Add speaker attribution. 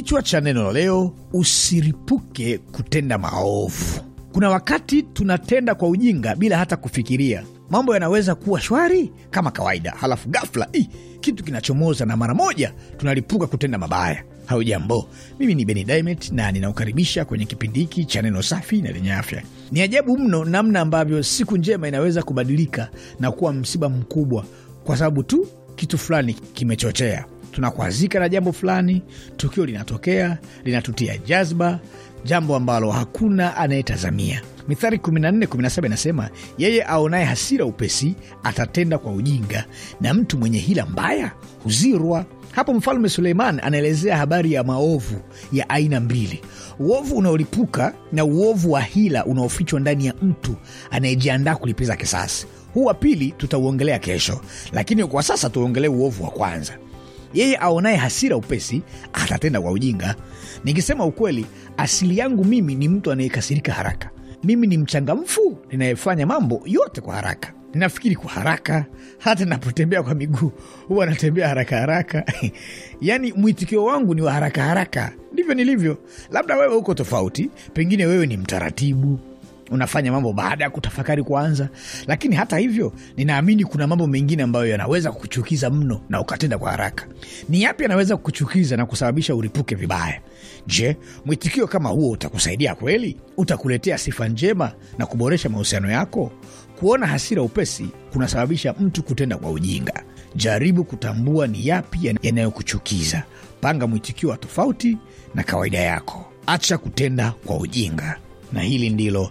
Speaker 1: Kichwa cha neno leo: usiripuke kutenda maovu. Kuna wakati tunatenda kwa ujinga bila hata kufikiria. Mambo yanaweza kuwa shwari kama kawaida, halafu ghafla i kitu kinachomoza na mara moja tunalipuka kutenda mabaya. Haujambo, mimi ni Beni Dimet na ninakukaribisha kwenye kipindi hiki cha neno safi na lenye afya. Ni ajabu mno namna ambavyo siku njema inaweza kubadilika na kuwa msiba mkubwa kwa sababu tu kitu fulani kimechochea tunakwazika na jambo fulani, tukio linatokea linatutia jazba, jambo ambalo hakuna anayetazamia. Mithali 14:17 inasema, yeye aonaye hasira upesi atatenda kwa ujinga, na mtu mwenye hila mbaya huzirwa. Hapo Mfalme Suleiman anaelezea habari ya maovu ya aina mbili: uovu unaolipuka na uovu wa hila unaofichwa ndani ya mtu anayejiandaa kulipiza kisasi. Huu wa pili tutauongelea kesho, lakini kwa sasa tuongelee uovu wa kwanza. Yeye aonaye hasira upesi atatenda kwa ujinga. Nikisema ukweli, asili yangu mimi ni mtu anayekasirika haraka. Mimi ni mchangamfu ninayefanya mambo yote kwa haraka ninafikiri kwa haraka. Hata napotembea kwa miguu huwa natembea haraka haraka yaani mwitikio wangu ni wa haraka haraka. Ndivyo nilivyo. Labda wewe uko tofauti, pengine wewe ni mtaratibu unafanya mambo baada ya kutafakari kwanza. Lakini hata hivyo, ninaamini kuna mambo mengine ambayo yanaweza kuchukiza mno na ukatenda kwa haraka. Ni yapi yanaweza kukuchukiza na kusababisha ulipuke vibaya? Je, mwitikio kama huo utakusaidia kweli? Utakuletea sifa njema na kuboresha mahusiano yako? Kuona hasira upesi kunasababisha mtu kutenda kwa ujinga. Jaribu kutambua ni yapi yanayokuchukiza, panga mwitikio wa tofauti na kawaida yako. Acha kutenda kwa ujinga, na hili ndilo